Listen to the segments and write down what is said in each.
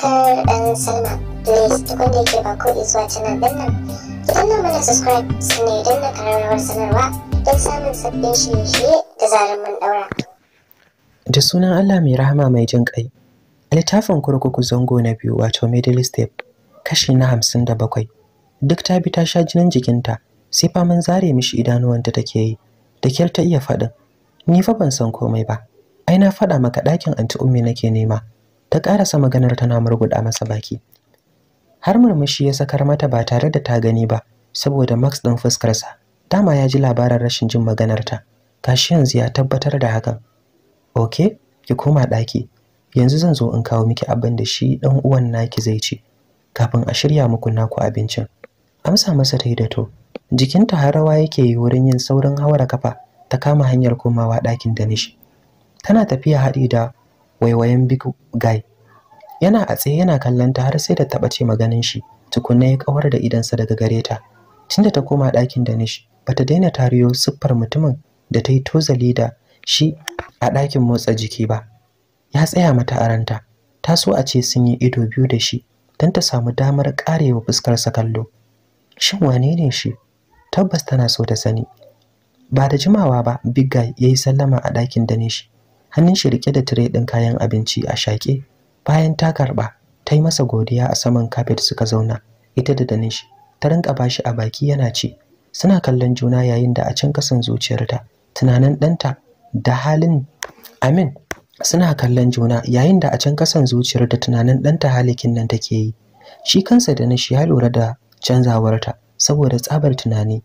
subscribe and sign up. Please da subscribe sanarwa don samun sabbin da sunan Allah mai rahama mai jin ƙai. Littafin kurkuku zango na biyu wato middle step kashi na hamsin da bakwai. Duk ta bi ta sha jinin jikinta sai faman zare mishi idanuwanta take yi da kyar ta iya faɗin. Ni fa ban san komai ba. Ai na faɗa maka ɗakin anti ummi nake nema. ta ƙarasa maganar tana murguɗa masa baki har murmushi ya sakar mata ba tare da ta gani ba saboda max ɗin fuskarsa dama ya ji labarin rashin jin maganarta Kashi yanzu ya tabbatar da hakan oke ki koma ɗaki yanzu zan zo in kawo miki abin da shi ɗan uwan naki zai ci kafin a shirya muku naku abincin amsa masa ta yi da to jikinta har rawa yake yi wurin yin saurin hawara kafa ta kama hanyar komawa ɗakin da nishi tana tafiya haɗi da waiwayen big guy yana a tsaye yana kallon ta har sai da taba ce maganin shi tukunna ya kawar da idansa daga gare ta tunda ta koma ɗakin danish bata daina tariyo siffar mutumin da ta yi tozali da shi a ɗakin motsa jiki ba ya tsaya mata a ranta ta so a ce sun yi ido biyu da shi don ta samu damar ƙarewa fuskarsa kallo shin wane ne shi tabbas tana so ta sani ba da jimawa ba bigga ya yi sallama a ɗakin danish hannun shi rike da tire ɗin kayan abinci a shaƙe bayan ta karba ta yi masa godiya a saman kafet suka zauna ita da danish ta rinka bashi a baki yana ce. suna kallon juna yayin da a can kasan zuciyarta tunanin ɗanta da halin amin suna kallon juna yayin da a can kasan zuciyar da tunanin ɗanta halikin nan take yi shi kansa da nishi ya lura da canzawarta saboda tsabar tunani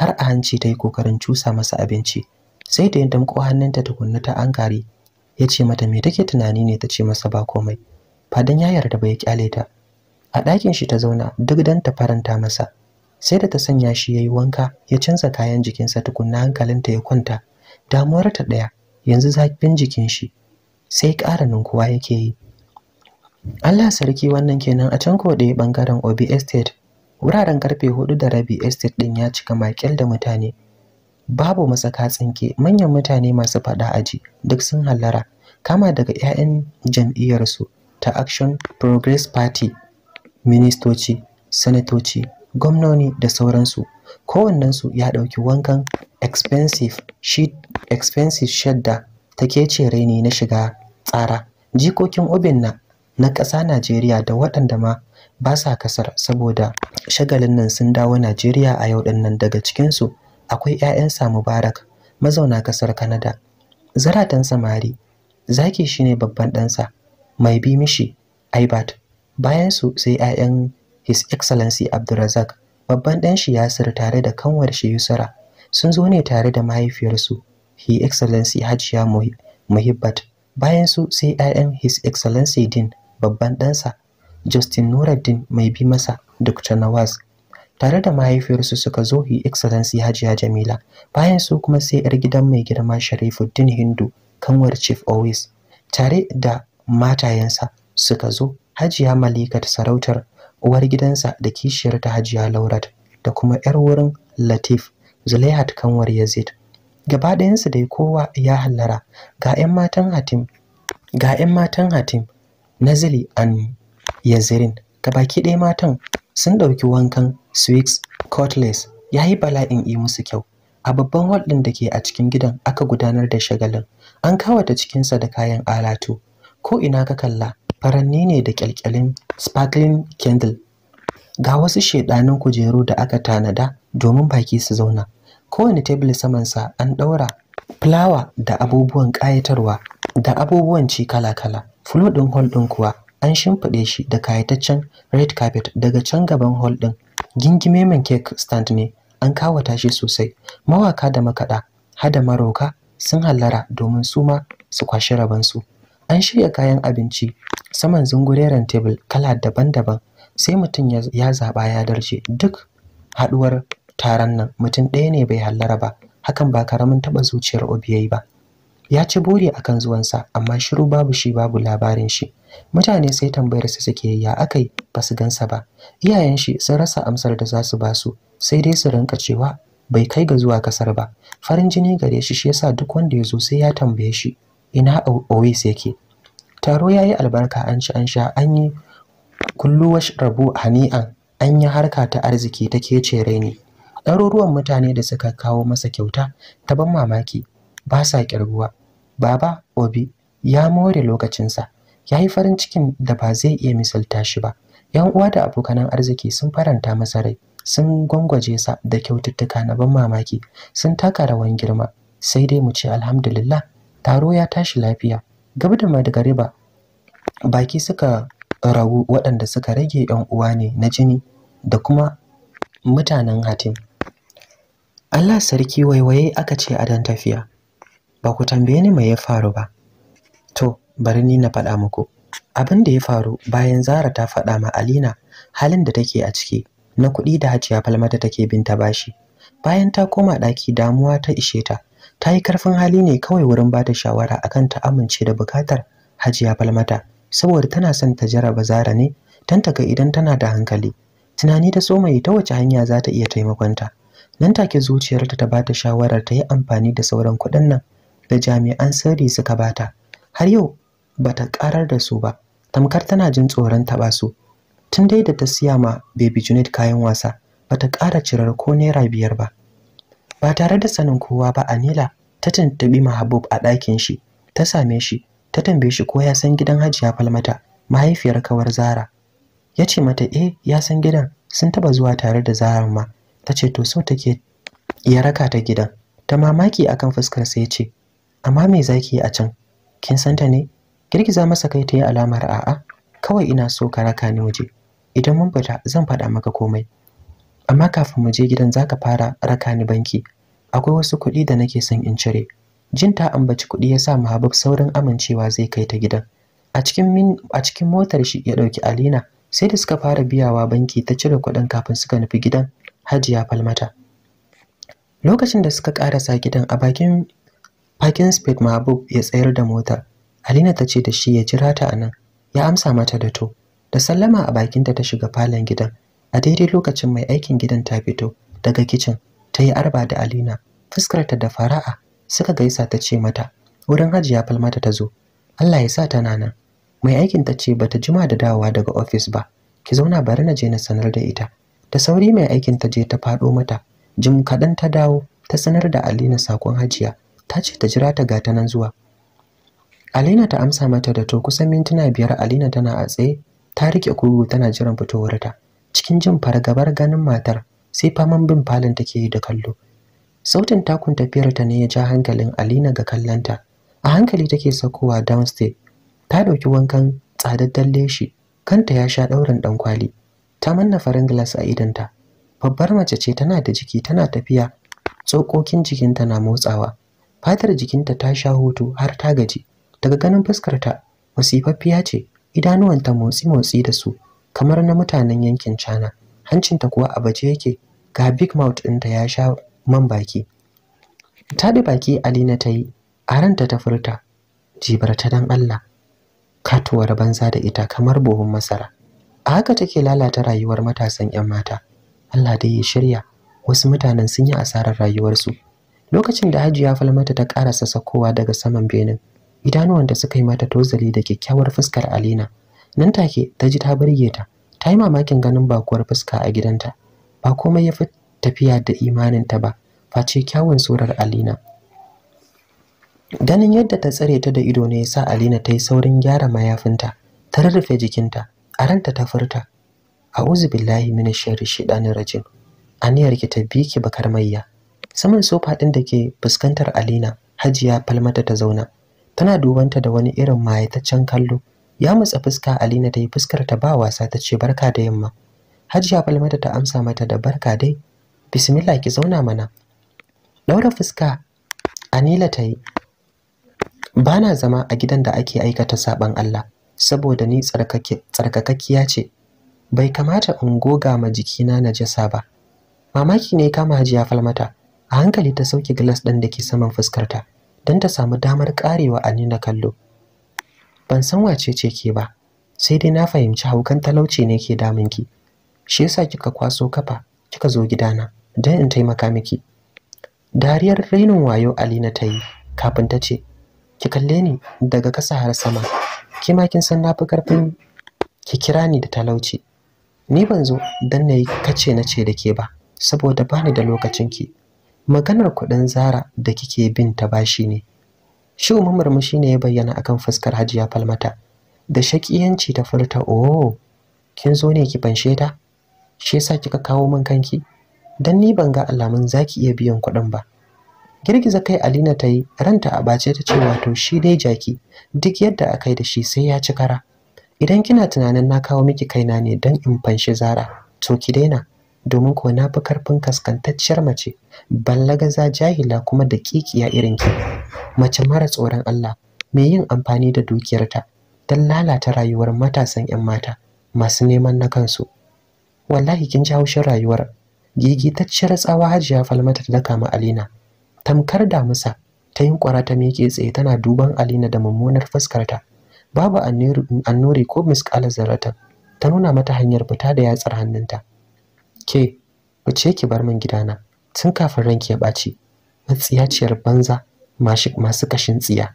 har a hanci ta yi kokarin cusa masa abinci sai da ya damƙo hannunta tukunna ta ankare ya ce mata me take tunani ne ta ce masa ba komai fadan ya yarda ba ya kyale ta a ɗakin shi ta zauna duk dan ta faranta masa sai da ta sanya shi yayi wanka ya canza kayan jikinsa tukunna hankalinta ya kwanta damuwar ta ɗaya yanzu zafin jikin shi sai ƙara ninkuwa yake yi Allah sarki wannan kenan a can ya bangaren Obi Estate wuraren karfe hudu da rabi estate din ya cika makil da mutane babu matsaka tsinke manyan mutane masu faɗa aji duk sun hallara kama daga 'ya'yan jam'iyyarsu ta action progress party ministoci sanatoci gwamnoni da sauransu kowannensu ya ɗauki wankan expensive sheet expensive shadda take ce ne na shiga tsara jikokin obinna na ƙasa najeriya da waɗanda ma ba sa kasar saboda shagalin nan sun dawo Najeriya a yau din nan daga cikinsu akwai 'ya'yansa Mubarak mazauna ƙasar Canada zaratan samari zaki shine babban ɗansa mai bi mishi Aibat bayan su sai 'ya'yan His Excellency Abdulrazak babban ɗan shi Yasir tare da kanwar shi Yusra sun zo ne tare da mahaifiyarsu His Excellency Hajiya Muhibbat bayan su sai 'ya'yan His Excellency Din babban ɗansa Justin Nuruddin mai bi masa Dr. Nawaz tare da mahaifiyarsu suka zo hi excellency hajiya jamila bayan su kuma sai yar gidan mai girma sharifuddin hindu kanwar chief always tare da matayensa suka zo hajiya malikat sarautar uwar gidansa da kishiyar ta hajiya laurat da kuma yar wurin latif zulaihat kanwar yazid gaba ɗayansu dai kowa ya hallara ga 'yan matan hatim ga 'yan matan hatim nazili an yazirin gabaki ɗaya matan sun ɗauki wankan swix cutlass ya yi bala'in yi musu kyau a babban hall ɗin da ke a cikin gidan aka gudanar da shagalin an kawata cikinsa da kayan alatu ko ina ka kalla faranni ne da kyalkyalin sparkling candle ga wasu shaidanin kujeru da aka tanada domin baki su zauna kowane tebul samansa an ɗaura fulawa da abubuwan ƙayatarwa da abubuwan ci kala-kala fulo ɗin hol ɗin kuwa an shimfiɗe shi da kayataccen red carpet daga can gaban hall ɗin gingime man cake stand ne an kawata shi sosai mawaka da makaɗa hada maroka sun hallara domin su ma su kwashi rabansu an shirya kayan abinci saman zungureren tebul kala daban-daban sai mutum ya zaɓa ya darce, duk haɗuwar taron nan mutum ɗaya ne bai hallara ba hakan ba karamin taɓa zuciyar obiyai ba ya ci buri akan zuwansa amma shiru babu shi babu labarin shi mutane sai tambayar su suke ya akai ba su gansa ba iyayen shi sun rasa amsar da za su ba su sai dai su rinka cewa bai kai ga zuwa kasar ba farin jini gare shi shi yasa duk wanda ya zo sai ya tambaye shi ina sai yake taro ya yi albarka an ci an sha an yi kulluwash rabu hani'an an yi harka ta arziki take ce raini ɗaruruwan mutane da suka kawo masa kyauta ta ban mamaki ba sa ƙirguwa baba obi ya more lokacinsa ya yi farin cikin da ba zai iya misalta shi ba yan uwa da abokanan arziki sun faranta masa rai sun gwangwaje sa da kyaututtuka na ban mamaki sun taka rawan girma sai dai mu ce alhamdulillah taro ya tashi lafiya gab da madgariba baki suka ragu waɗanda suka rage yan uwa ne na jini da kuma mutanen hatim Allah sarki waiwaye aka ce a dan tafiya ba ku tambaye ni me ya faru ba to bari ni na faɗa muku abin da ya faru bayan zara ta faɗa ma alina halin da take a ciki na kuɗi da hajiya falmata take binta bashi bayan ta koma ɗaki damuwa ta ishe ta ta yi karfin hali ne kawai wurin ba ta shawara akan ta amince da bukatar hajiya falmata saboda tana son ta jaraba zara ne don ta ga idan tana da hankali tunani ta so mai ta wace hanya za ta iya taimakonta nan take zuciyarta ta ta shawarar ta yi amfani da sauran kuɗin nan da jami'an sirri suka bata har yau bata karar da su ba tamkar tana jin tsoron taba su tun dai da ta siya ma baby Junet kayan wasa bata ƙara cirar ko naira biyar ba ba tare da sanin kowa ba Anila ta tuntubi Mahabub a ɗakin shi ta same shi ta tambaye shi ko ya san gidan Hajiya Falmata mahaifiyar kawar Zara ya ce mata eh ya san gidan sun taba zuwa tare da Zara ma ta ce to so take ya raka ta gidan ta mamaki akan fuskar sa ya ce amma me zaki a can kin santa ne girgiza masa kai ta yi alamar a'a kawai ina so ka raka ni waje idan mun fita zan faɗa maka komai amma kafin mu je gidan zaka fara raka ni banki akwai wasu kuɗi da nake son in cire jin ta ambaci kuɗi ya sa mahabab saurin amincewa zai kai ta gidan a cikin a cikin motar shi ya ɗauki alina sai da suka fara biyawa banki ta cire kuɗin kafin suka nufi gidan hajiya falmata lokacin da suka ƙarasa gidan a bakin parking speed mahabub ya tsayar da motar Alina ta ce da shi ya jira ta a nan, ya amsa mata da to. Da sallama a bakinta ta shiga falon gidan. A daidai lokacin mai aikin gidan ta fito daga kicin, ta yi arba da Alina. Fuskarta da fara'a suka gaisa ta ce mata, wurin hajiya falmata ta zo. Allah ya sa tana nan. Mai aikin ta ce bata jima da dawowa daga ofis ba. Ki zauna bari na je na sanar da ita. Da sauri mai aikin ta je ta faɗo mata. Jim kaɗan ta dawo ta sanar da Alina sakon hajiya. Ta ce ta jira ta ga nan zuwa. Alina ta amsa mata da to kusan mintuna biyar Alina tana a tsaye ta rike kugu tana jiran fitowarta cikin jin fargabar ganin matar sai faman bin falin take yi da kallo sautin takun tafiyar ta ne ya ja hankalin Alina ga kallanta a hankali take sakowa downstairs ta dauki wankan tsadaddan leshi kanta ya sha daurin dankwali ta manna farin glass a idanta babbar mace ce tana da jiki tana tafiya tsokokin jikinta na motsawa fatar jikinta ta sha hutu har ta gaji daga ganin fuskarta masifaffiya ce idanuwanta motsi-motsi da su kamar na mutanen yankin cana hancinta kuwa a baje yake ga big mouth ɗinta ya sha man baki ta da baki alina ta yi a ranta ta furta jibar ta dan allah katuwar banza da ita kamar buhun masara a haka take lalata rayuwar matasan 'yan mata allah dai ya shirya wasu mutanen sun yi asarar rayuwarsu lokacin da hajiya falmata ta karasa sakowa daga saman benin idanuwan da suka yi mata tozali da kyakkyawar fuskar Alina. Nan take ta ji ta burge ta, ta yi mamakin ganin bakuwar fuska a gidanta. Ba komai ya fi tafiya da imaninta ba, face kyawun surar Alina. Ganin yadda ta tsare ta da ido ne ya sa Alina ta yi saurin gyara mayafinta, ta rarrafe jikinta, a ranta ta furta. A'udhu billahi minash sharri shaitanir rajim. Aniyar ki ta bi bakar mayya. Saman sofa ɗin da ke fuskantar Alina, Hajiya Falmata ta zauna. tana dubanta da wani irin mayataccen kallo ya matsa fuska Alina ta yi fuskar ta ba wasa ta ce barka da yamma Hajiya Falmata ta amsa mata da barka dai bismillah ki zauna mana daura fuska Anila ta yi bana zama a gidan da ake aikata saban Allah saboda ni tsarkakakkiya ce bai kamata in goga ma jikina najasa ba mamaki ne kama Hajiya Falmata a hankali ta sauke glass ɗin da ke saman fuskarta don ta samu damar karewa a nina kallo. Ban san wace ce ke ba, sai dai na fahimci haukan talauci ne ke ki. Shi yasa kika kwaso kafa kika zo gidana don in taimaka miki. Dariyar rainin wayo Alina ta yi kafin ta ce, Ki kalle ni daga kasa har sama, ki ma kin san na karfin ki kira ni da talauci. Ni ban zo don na yi kace na ce da ke ba, saboda bani da lokacinki. maganar kuɗin zara da kike bin ta bashi ne shi murmushi ne ya bayyana akan fuskar hajiya falmata da shakiyanci ta furta oh kin zo ne ki fanshe ta shi yasa kika kawo min kanki dan ni ban ga alamun zaki iya biyan kuɗin ba girgiza kai alina ta yi ranta a bace ta ce wato shi dai jaki duk yadda aka yi da shi sai ya ci kara idan kina tunanin na kawo miki kaina ne dan in fanshi zara to ki daina domin ko na fi karfin kaskantacciyar mace ballagaza jahila kuma da kikiya irin ki mace mara tsoron Allah mai yin amfani da dukiyarta don lalata rayuwar matasan 'yan mata masu neman na kansu wallahi kin ji haushin rayuwar gigitacciyar tsawa hajiya falmata ta daka alina tamkar damusa ta yin kwara ta miƙe tsaye tana duban alina da mummunar fuskarta babu annuri ko misƙalar zaratan ta nuna mata hanyar fita da yatsar hannunta ke wuce ki bar min gidana tun kafin ranki ya ɓaci matsiyaciyar banza masu kashin tsiya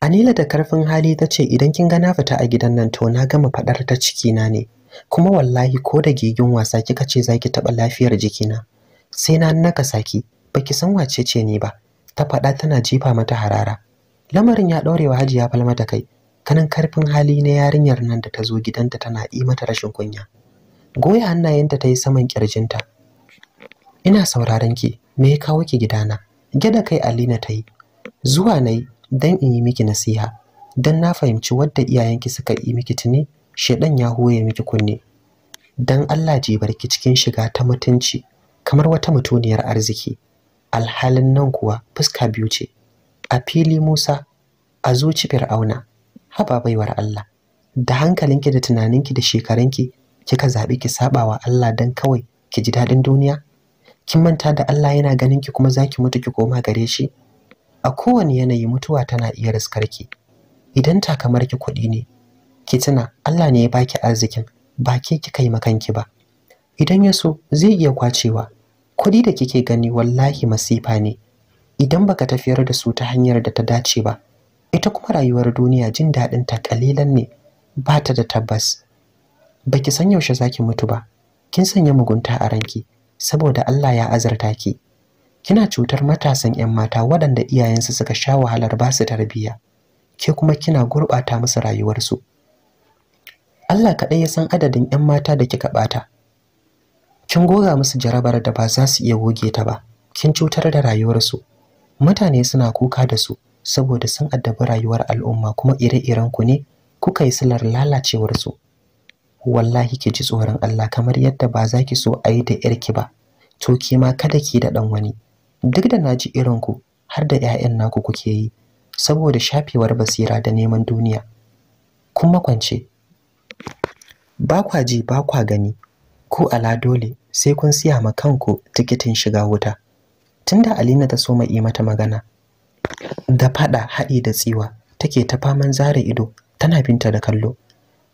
anila da karfin hali ta ce idan kin ga na fita a gidan nan to na gama faɗar ta cikina ne kuma wallahi ko da gigin wasa kika ce za ki taɓa lafiyar jikina sai na naka saki baki san wace ce ni ba ta faɗa tana jifa mata harara lamarin ya ɗaure wa hajiya da kai kanin karfin hali na yarinyar nan da ta zo gidanta tana yi mata rashin kunya goya hannayenta ta yi saman kirjinta ina sauraron ki me ya kawo ki gidana gyada kai alina ta yi zuwa na yi don in yi miki nasiha don na fahimci wadda iyayenki suka yi miki tuni shaidan ya hoya miki kunne don allah barki cikin shiga ta mutunci kamar wata mutuniyar arziki alhalin nan kuwa fuska biyu ce a fili musa a zuci fir'auna haba baiwar allah da hankalinki da tunaninki da shekarunki kika zaɓi ki wa Allah dan kawai ki ji daɗin duniya kin manta da Allah yana ganin ki kuma zaki mutu ki koma gare shi a kowane yanayi mutuwa tana iya riskar ki idan ta kamar ki kuɗi ne ki tuna Allah ne ya baki arzikin ba ke kika yi makanki ba idan ya so zai iya kwacewa kuɗi da kike gani wallahi masifa ne idan baka tafiyar da su ta hanyar da ta dace ba ita kuma rayuwar duniya jin daɗin ta kalilan ne ba ta da tabbas baki san yaushe zaki mutu ba kin sanya mugunta a ranki saboda Allah ya azarta ki kina cutar matasan 'yan mata waɗanda iyayensu suka sha wahalar ba su tarbiyya ke kuma kina gurɓata musu rayuwarsu Allah kaɗai ya san adadin 'yan mata da kika ɓata kin goga musu jarabar da ba za su iya goge ta ba kin cutar da rayuwarsu mutane suna kuka da su saboda sun addabi rayuwar al'umma kuma ire-iren ku ne kuka yi silar lalacewarsu wallahi ki ji tsoron Allah kamar yadda ba za ki so a yi da yarki ba to ki ma kada ki da dan wani duk da naji irin ku har da ƴaƴan naku kuke yi saboda shafewar basira da neman duniya kuma kwance ba kwa ji ba kwa gani ko ala dole sai kun siya ma kanku tikitin shiga wuta tunda Alina ta so mai mata magana da fada haɗi da tsiwa take ta faman zare ido tana binta da kallo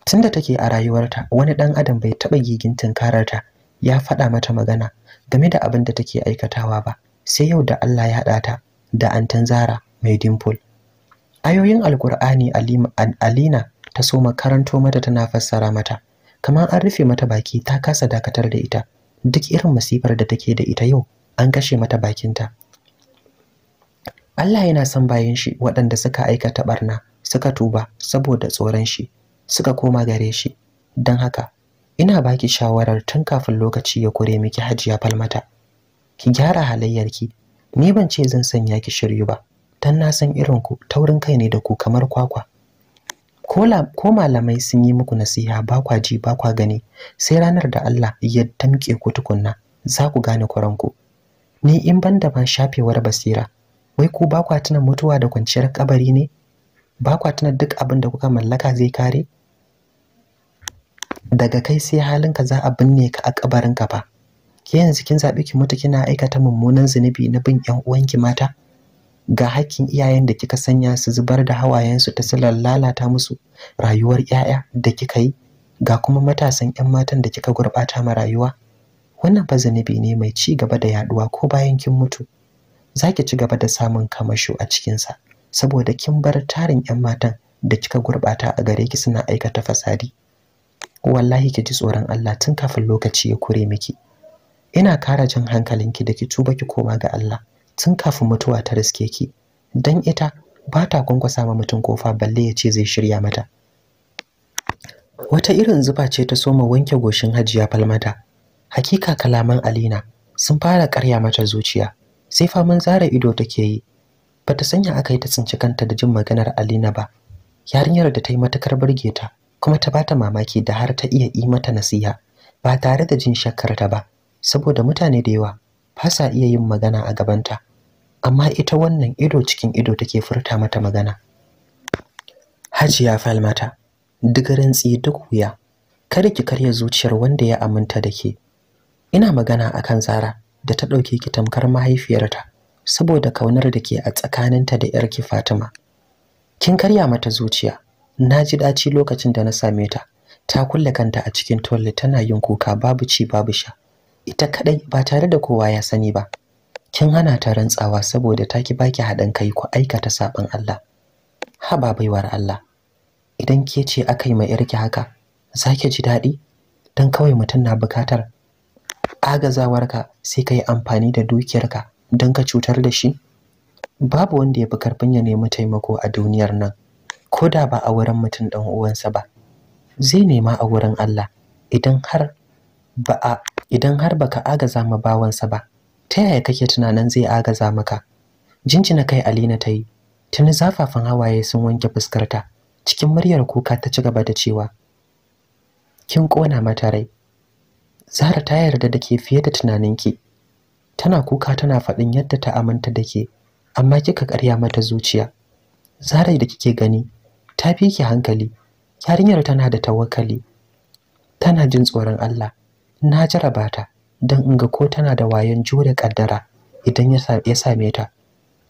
tunda take a rayuwarta wani ɗan adam bai taɓa gigin tunkararta ya faɗa mata magana game da abin da take aikatawa ba sai yau da Allah ya haɗa ta da antan Zara mai dimple ayoyin alkur'ani alina ta so makaranto mata tana fassara mata kamar an rufe mata baki ta kasa dakatar da ita duk irin masifar da take da ita yau an kashe mata bakinta Allah yana son bayan shi waɗanda suka aikata barna suka tuba saboda tsoron shi suka koma gare shi don haka ina baki shawarar tun kafin lokaci ya kure miki hajiya falmata ki gyara halayyarki ni ban ce zan sanya ki shiryu ba dan na san irin ku taurin kai ne da ku kamar kwakwa ko malamai sun yi muku nasiha ba kwa ji ba kwa gani sai ranar da Allah ya tamke ku tukunna za ku gane kuranku ni in ban da ban shafewar basira wai ku ba kwa tuna mutuwa da kwanciyar kabari ne ba kwa tuna duk abin da kuka mallaka zai kare daga kai sai halinka za a binne ka a kabarin ka fa ke yanzu kin zaɓi ki mutu kina aikata mummunan zunubi na bin 'yan uwanki mata ga hakkin iyayen da kika sanya su zubar da hawayensu ta silar lalata musu rayuwar 'ya'ya da kika yi ga kuma matasan 'yan matan da kika gurɓata ma rayuwa wannan fa zunubi ne mai ci gaba da yaduwa ko bayan kin mutu zaki ci gaba da samun kamasho a cikin sa saboda kin bar tarin 'yan matan da kika gurɓata a gare ki suna aikata fasadi wallahi ki ji tsoron Allah tun kafin lokaci ya kure miki ina kara jin hankalinki da ki tuba ki koma ga Allah tun kafin mutuwa ta riske ki dan ita ba ta kwankwasa ma mutum kofa balle ya ce zai shirya mata wata irin zuba ce ta soma wanke goshin hajiya falmata hakika kalaman alina sun fara karya mata zuciya sai faman zara ido take yi bata sanya aka yi ta tsinci kanta da jin maganar alina ba yarinyar da ta yi matakar burge ta kuma ta bata mamaki da har ta iya yi mata nasiha ba tare da jin shakkar ta ba saboda mutane da yawa ba sa iya yin magana a gabanta amma ita wannan ido cikin ido take furta mata magana Hajiya Falmata digarin tsi duk wuya kada ki karya zuciyar wanda ya aminta da ke ina magana akan Zara da ta dauke ki tamkar mahaifiyarta saboda kaunar da ke a tsakaninta da yarki Fatima kin karya mata zuciya na ji daci lokacin da na same ta ta kulle kanta a cikin toilet tana yin kuka babu ci babu sha ita kadai ba tare da kowa ya sani ba kin hana ta rantsawa saboda ta ki baki haɗin kai ku aikata sabon Allah haba baiwar Allah idan ke ce aka yi irki haka za ji daɗi don kawai mutum na bukatar agazawarka sai ka yi amfani da dukiyarka don ka cutar da shi babu wanda ya fi karfin ya nemi taimako a duniyar nan ko da ba a wurin mutum ɗan uwansa ba zai nema a wurin Allah idan har ba a idan har baka agaza ma bawansa ba ta yaya kake tunanin zai agaza maka jinjina kai Alina ta yi tuni zafafan hawaye sun wanke fuskarta cikin muryar kuka ta ci gaba da cewa kin kona mata rai Zara ta yarda da ke fiye da tunaninki tana kuka tana faɗin yadda ta aminta da ke amma kika karya mata zuciya Zara da kike gani ta fi ki hankali yarinyar tana da tawakkali tana jin tsoron Allah na jaraba ta don in ga ko tana da wayan jure kaddara idan ya same ta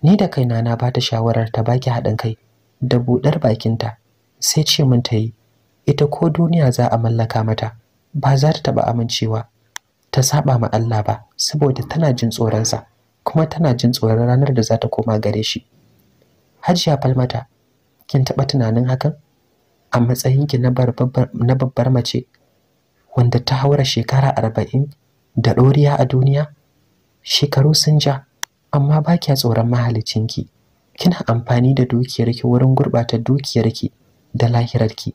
ni da kaina na ba ta shawarar ta baki haɗin kai da buɗar bakinta sai ce min ta yi ita ko duniya za a mallaka mata ba za ta taɓa amincewa ta saba ma Allah ba saboda tana jin tsoron sa, kuma tana jin tsoron ranar da za ta koma gare shi hajiya falmata kin taɓa tunanin hakan a matsayin ki na babbar mace wanda ta haura shekara arba'in da ɗoriya a duniya shekaru sun ja amma ba kya tsoron mahalicinki kina amfani da dukiyarki wurin gurɓata dukiyarki da lahirarki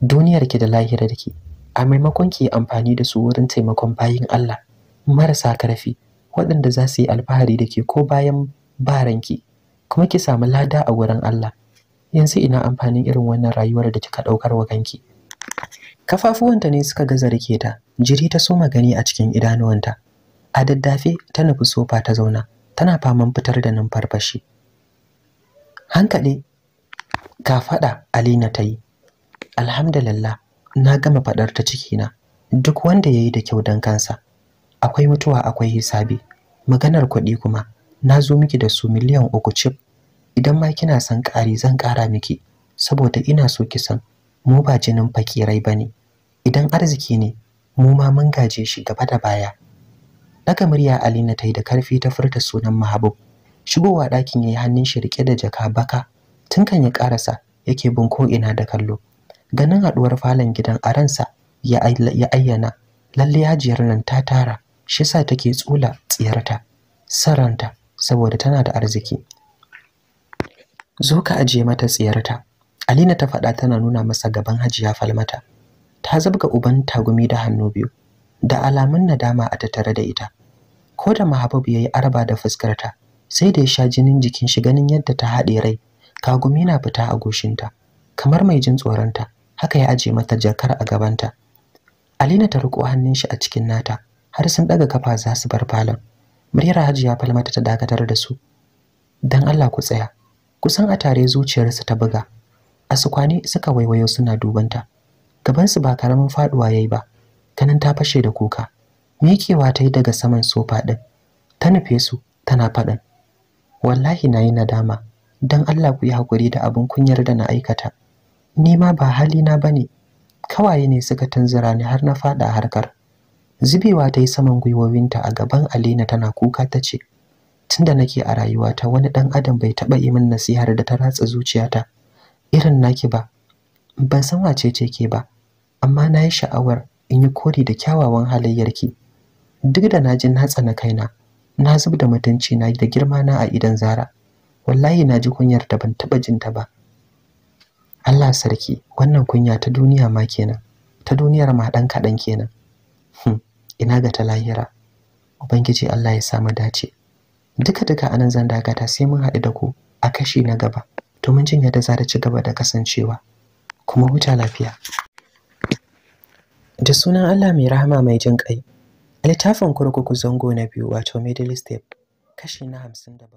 duniyarki da lahirarki a maimakon ki yi amfani da su wurin taimakon bayin Allah marasa karfi waɗanda za su yi alfahari da ke ko bayan baranki kuma ki samu lada a wurin Allah yanzu ina amfanin irin wannan rayuwar da kika daukar wa kanki kafafuwanta ne suka gaza rike ta jiri ta soma gani a cikin idanuwanta a daddafe ta nufi sofa ta zauna tana faman fitar da numfarfashi hankali ka faɗa alina ta yi alhamdulillah na gama faɗar ta cikina duk wanda ya yi da kyau don kansa akwai mutuwa akwai hisabi maganar kuɗi kuma na zo miki da su miliyan uku chip idan ma kina son ƙari zan ƙara miki saboda ina so ki san mu ba jinin fakirai ne, idan arziki ne mu ma mun gaje shi gaba da baya daga murya Alina ta yi da karfi ta furta sunan Mahabub shigowa ɗakin ya yi hannun shi rike da jaka baka tun kan ya ƙarasa yake bin ko ina da kallo ganin haɗuwar falon gidan a ransa ya ayyana lalle hajiyar nan ta tara shi sa take tsula tsiyarta saranta saboda tana da arziki zo ka ajiye mata tsiyarta alina ta faɗa tana nuna masa gaban hajiya falmata ta zabga uban tagumi da hannu biyu da alamun nadama a tattare da ita ko da mahababu ya yi arba da fuskarta sai da ya sha jinin jikin shi ganin yadda ta haɗe rai kagumi na fita a goshinta kamar mai jin tsoron ta, haka ya aje mata jakar a gabanta alina ta riko hannun shi a cikin nata har sun ɗaga kafa za su bar falon muryar hajiya falmata ta dakatar da su don allah ku tsaya kusan a tare zuciyarsa ta buga a sukwane suka waiwayo suna dubanta gabansu ba karamin faduwa yayi ba Kanin ta fashe da kuka miƙewa ta yi daga saman sofa ɗin ta nufe su tana faɗin wallahi na yi nadama dan allah ku yi haƙuri da abun kunyar da na aikata ni ma ba hali na bane kawaye ne suka tunzura ni har na faɗa harkar zubewa ta yi saman gwiwowinta a gaban alina tana kuka ta ce tunda nake a rayuwata wani ɗan adam bai taba yi min nasihar da ta ratsa zuciyata irin naki ba ban san wace ce ke ba amma na yi sha'awar in yi kori da kyawawan halayyarki duk da na ji na tsana kaina na zub da mutunci na da girma na a idan zara wallahi na ji kunyar da ban taɓa jin ta ba Allah sarki wannan kunya ta duniya ma kenan ta duniyar ma dan kadan kenan hmm, ina ga ta lahira ubangiji Allah ya sa mu dace duka duka anan zan dagata sai mun haɗu da ku a kashi na gaba domin jin yadda za ta ci gaba da kasancewa kuma huta lafiya da sunan Allah mai rahama mai jin ƙai littafin kurkuku zango na biyu wato middle step kashi na hamsin da